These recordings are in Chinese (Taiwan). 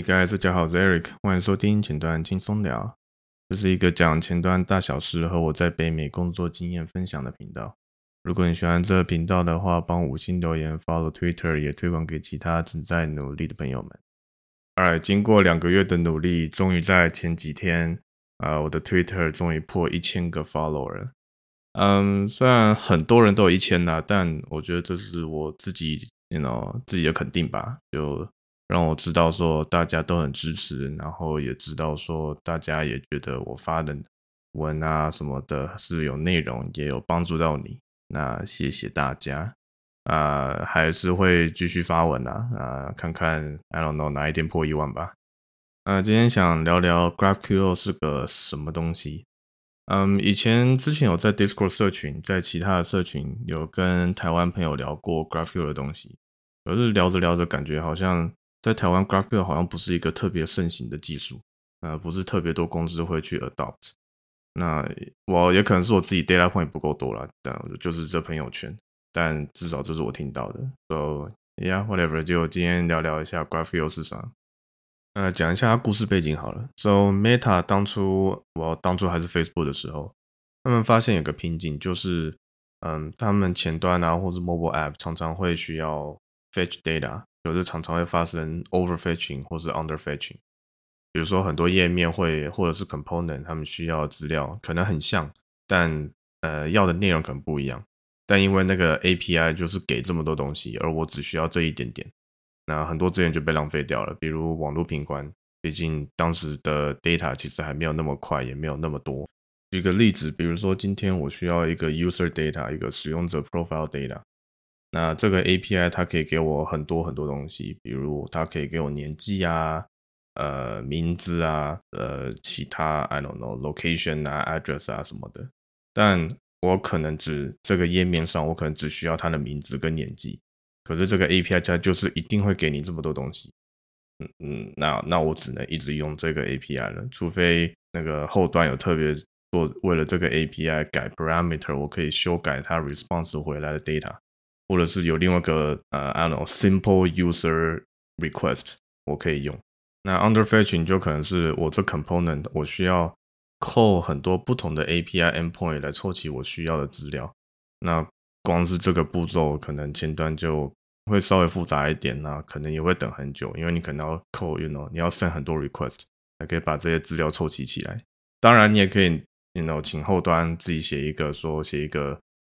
Hey guys，大家好，我是 Eric，歡迎收聽前端輕鬆聊。這是一個講前端大小事和我在北美工作經驗分享的頻道。如果你喜歡這個頻道的話，幫五星留言，follow Twitter，也推廣給其他正在努力的朋友們。Alright，經過兩個月的努力，終於在前幾天，呃，我的 Twitter 終於破一千個 follower 了。嗯，雖然很多人都有一千啦，但我覺得這是我自己，you know，自己的肯定吧，就。讓我知道說大家都很支持，然後也知道說大家也覺得我發的文啊什麼的是有內容，也有幫助到你。那謝謝大家，啊、呃，還是會繼續發文啦、啊，啊、呃，看看 I don't know 哪一天破一萬吧。啊、呃，今天想聊聊 GraphQL 是個什麼東西。嗯，以前之前有在 Discord 社群，在其他的社群有跟台灣朋友聊過 GraphQL 的東西，可是聊着聊着感覺好像。在台灣，GraphQL 好像不是一個特別盛行的技術，呃，不是特別多公司會去 adopt。那我也可能是我自己 data point 也不夠多啦，但就是這朋友圈。但至少這是我聽到的。So yeah, whatever，就今天聊聊一下 GraphQL 是啥。呃，講一下它故事背景好了。So Meta 當初，我當初還是 Facebook 的時候，他們發現有個瓶頸，就是嗯，他們前端啊，或是 mobile app 常常會需要 fetch data。有時候常常會發生 over fetching 或是 under fetching。比如說很多頁面會或者是 component，他們需要資料可能很像，但呃要的內容可能不一樣。但因為那個 API 就是給這麼多東西，而我只需要這一點點，那很多資源就被浪費掉了。比如網絡頻寬，畢竟當時的 data 其實還沒有那麼快，也沒有那麼多。舉個例子，比如說今天我需要一個 user data，一個使用者 profile data。那這個 API 它可以給我很多很多東西，比如它可以給我年紀啊、呃名字啊、呃其他 I don't know location 啊、address 啊什麼的。但我可能只這個頁面上，我可能只需要它的名字跟年紀。可是這個 API 它就是一定會給你這麼多東西，嗯嗯。那那我只能一直用這個 API 了，除非那個後端有特別做，為了這個 API 改 parameter，我可以修改它 response 回來的 data。或者是有另外一個呃、uh,，I don't know simple user request，我可以用。那 under fetching 就可能是我這 component，我需要扣很多不同的 API endpoint 來湊齊我需要的資料。那光是這個步驟，可能前端就會稍微複雜一點吶、啊，可能也會等很久，因為你可能要扣，you know，你要 send 很多 request 才可以把這些資料湊齊起,起來。當然，你也可以，you know，請後端自己寫一個，說寫一個。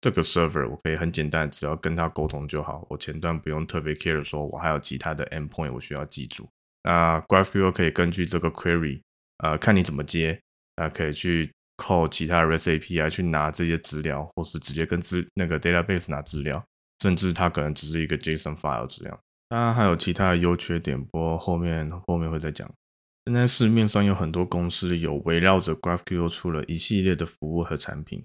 這個 server 我可以很簡單，只要跟他溝通就好，我前端不用特別 care，說我還有其他的 endpoint 我需要記住。那 GraphQL 可以根據這個 query，呃，看你怎麼接，啊、呃，可以去 call 其他的 REST API 去拿這些資料，或是直接跟資那個 database 拿資料，甚至它可能只是一個 JSON file 資料。當然還有其他的優缺點，不過後面後面會再講。現在市面上有很多公司有圍繞着 GraphQL 出了一系列的服務和產品。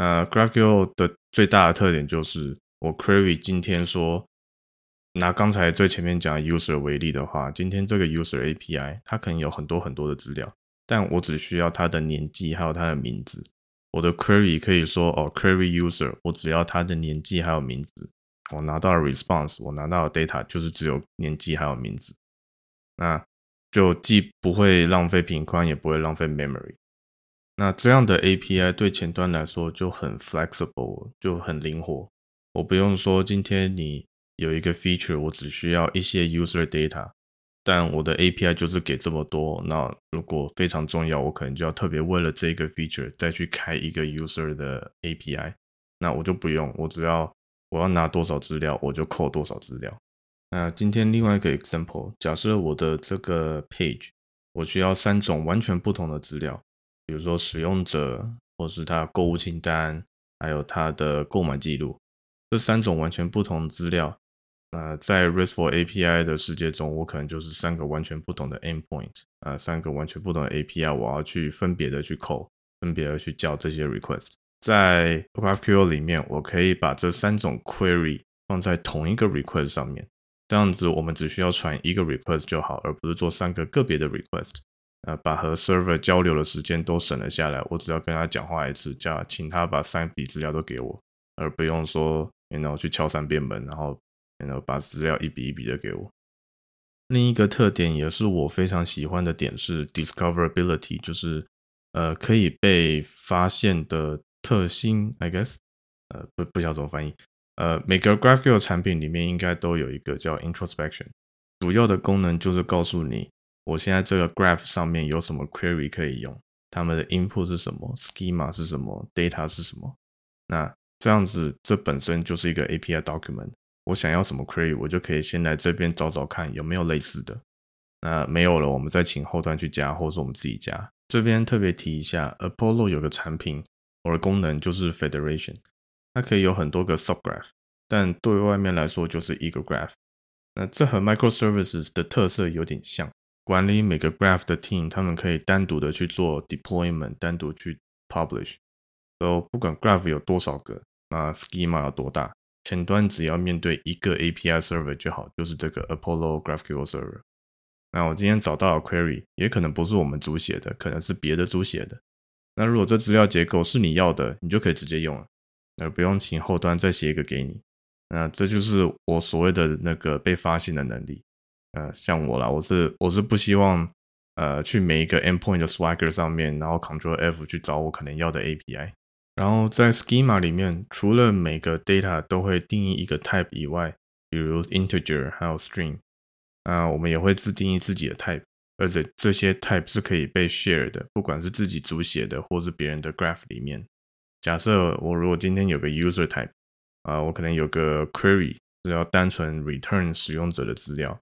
呃，GraphQL 的最大的特點就是，我 Query 今天說，拿剛才最前面講的 User 為例的話，今天這個 User API 它可能有很多很多的資料，但我只需要它的年紀還有它的名字，我的 Query 可以說哦，Query User，我只要它的年紀還有名字，我拿到了 Response，我拿到了 Data 就是只有年紀還有名字，那就既不會浪費頻寬，也不會浪費 Memory。那這樣的 API 對前端來說就很 flexible，就很靈活。我不用說，今天你有一個 feature，我只需要一些 user data，但我的 API 就是給這麼多。那如果非常重要，我可能就要特別為了這個 feature 再去開一個 user 的 API。那我就不用，我只要我要拿多少資料，我就扣多少資料。那今天另外一個 example，假設我的這個 page，我需要三種完全不同的資料。比如說，使用者或是他購物清單，還有他的購買記錄，這三種完全不同的資料。呃，在 RESTful API 的世界中，我可能就是三個完全不同的 endpoint，啊、呃，三個完全不同的 API，我要去分別的去 call，分別的去叫這些 request。在 GraphQL 裡面，我可以把這三種 query 放在同一個 request 上面，這樣子我們只需要傳一個 request 就好，而不是做三個個別的 request。呃，把和 server 交流的時間都省了下來，我只要跟他講話一次，叫請他把三筆資料都給我，而不用說，然後 you know, 去敲三遍門，然後然後 you know, 把資料一筆一筆的給我。另一個特點也是我非常喜歡的點是 discoverability，就是呃可以被發現的特性，I guess，呃不不知道怎麼翻譯。呃，每個 GraphQL 產品裡面應該都有一個叫 introspection，主要的功能就是告訴你。我現在這個 graph 上面有什麼 query 可以用？他們的 input 是什麼？schema 是什麼？data 是什麼？那這樣子，這本身就是一個 API document。我想要什麼 query，我就可以先來這邊找找看有沒有類似的。那沒有了，我們再請後端去加，或者我們自己加。這邊特別提一下，Apollo 有個產品，我的功能就是 federation，它可以有很多個 subgraph，但對外面來說就是一個 graph。那這和 microservices 的特色有點像。管理每個 graph 的 team，他們可以單獨的去做 deployment，單獨去 publish。So，不管 graph 有多少個，啊 schema 要多大，前端只要面對一個 API server 就好，就是這個 Apollo GraphQL server。那我今天找到了 query，也可能不是我們組寫的，可能是別的組寫的。那如果這資料結構是你要的，你就可以直接用了，而不用請後端再寫一個給你。那這就是我所謂的那個被發現的能力。呃，像我啦，我是我是不希望，呃，去每一個 endpoint 的 Swagger 上面，然後 Ctrl F 去找我可能要的 API。然後在 Schema 裡面，除了每個 data 都會定義一個 Type 以外，比如 Integer 還有 String，啊、呃，我們也會自定義自己的 Type，而且這些 Type 是可以被 Share 的，不管是自己主寫的，或是別人的 Graph 裡面。假設我如果今天有個 User Type，啊、呃，我可能有個 Query，只要單純 Return 使用者的資料。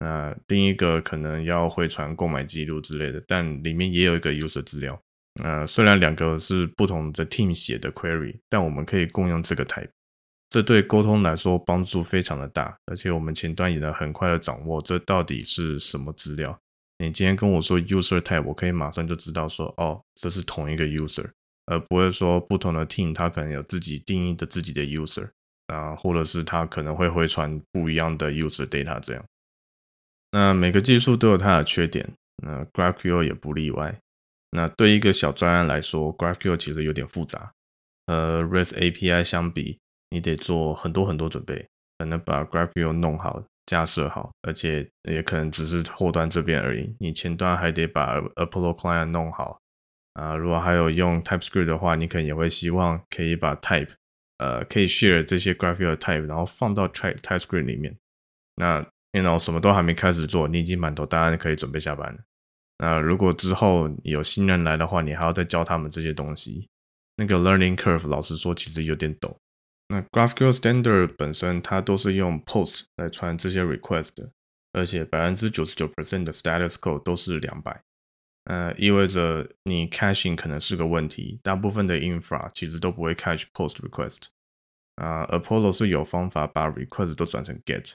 那、呃、另一個可能要回傳購買記錄之類的，但裡面也有一個 user 資料。呃，雖然兩個是不同的 team 寫的 query，但我們可以共用這個 type，這對溝通來說幫助非常的大。而且我們前端也能很快的掌握這到底是什麼資料。你今天跟我說 user type，我可以馬上就知道說，哦，這是同一個 user，而不會說不同的 team 它可能有自己定義的自己的 user，啊、呃，或者是他可能會回傳不一樣的 user data 這樣。那每個技術都有它的缺點，那 GraphQL 也不例外。那對一個小專案來說，GraphQL 其實有點複雜，和 REST API 相比，你得做很多很多準備，才能把 GraphQL 弄好、架設好，而且也可能只是後端這邊而已。你前端還得把 Apollo Client 弄好。啊、呃，如果還有用 TypeScript 的話，你可能也會希望可以把 Type，呃，可以 share 這些 GraphQL Type，然後放到 Type TypeScript 裡面。那 You know，什麼都還沒開始做，你已經滿頭大汗，可以準備下班了。那、呃、如果之後有新人來的話，你還要再教他們這些東西。那個 learning curve，老實說，其實有點陡。那 GraphQL standard 本身，它都是用 post 來傳這些 request 的，而且百分之九十九 percent 的 status code 都是兩百。呃，意味着你 caching 可能是個問題。大部分的 infra 其實都不會 cache post request。啊、呃、Apollo 是有方法把 request 都轉成 get。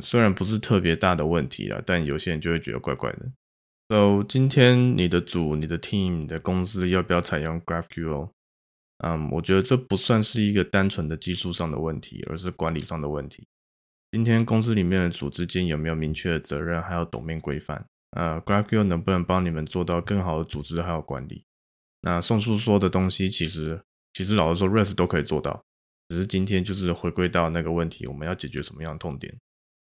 雖然不是特別大的問題啦，但有些人就會覺得怪怪的。So，今天你的組、你的 team、你的公司要不要採用 GraphQL？嗯、um,，我覺得這不算是一個單純的技術上的問題，而是管理上的問題。今天公司裡面的組織間有沒有明確的責任，還有董面規範？呃、uh,，GraphQL 能不能幫你們做到更好的組織還有管理？那宋叔說的東西，其實其實老實說，REST 都可以做到，只是今天就是回歸到那個問題，我們要解決什麼樣的痛點？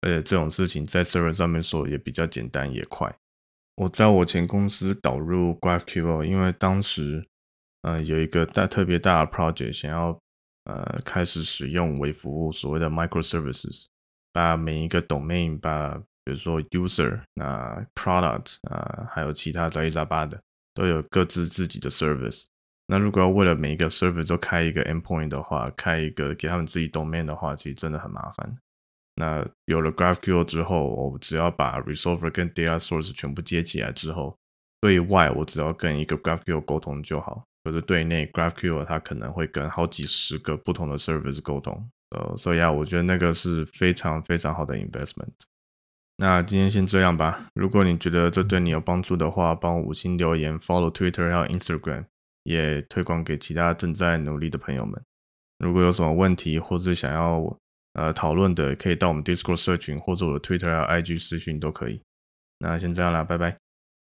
而且這種事情在 server 上面說也比較簡單，也快。我在我前公司導入 GraphQL，因為當時，嗯，有一個大特別大的 project，想要，呃，開始使用微服務，所謂的 microservices，把每一個 domain，把比如說 user，那 product，啊，還有其他雜七雜八的，都有各自自己的 service。那如果要為了每一個 service 都開一個 endpoint 的話，開一個給他們自己 domain 的話，其實真的很麻煩。那有了 GraphQL 之後，我只要把 resolver 跟 data source 全部接起來之後，對外我只要跟一個 GraphQL 溝通就好。可是對內 GraphQL 它可能會跟好幾十個不同的 service 溝通，呃，所以啊，我覺得那個是非常非常好的 investment。那今天先這樣吧。如果你覺得這對你有幫助的話，幫我五星留言，follow Twitter 還有 Instagram，也推廣給其他正在努力的朋友們。如果有什麼問題或是想要我，呃，討論的可以到我們 Discord 社群，或者我的 Twitter 啊、IG 私訊都可以。那先這樣啦，拜拜。